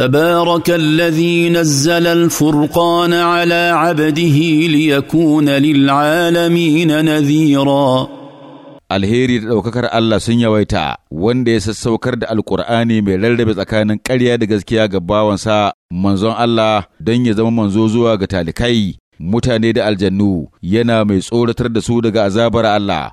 تبارك الذي نزل الفرقان على عبده ليكون للعالمين نذيرا alheri da ɗaukakar Allah sun yawaita wanda ya sassaukar da alƙur'ani mai rarrabe tsakanin ƙarya da gaskiya ga bawansa manzon Allah don ya zama manzo zuwa ga talikai mutane da aljannu yana mai tsoratar da su daga azabar Allah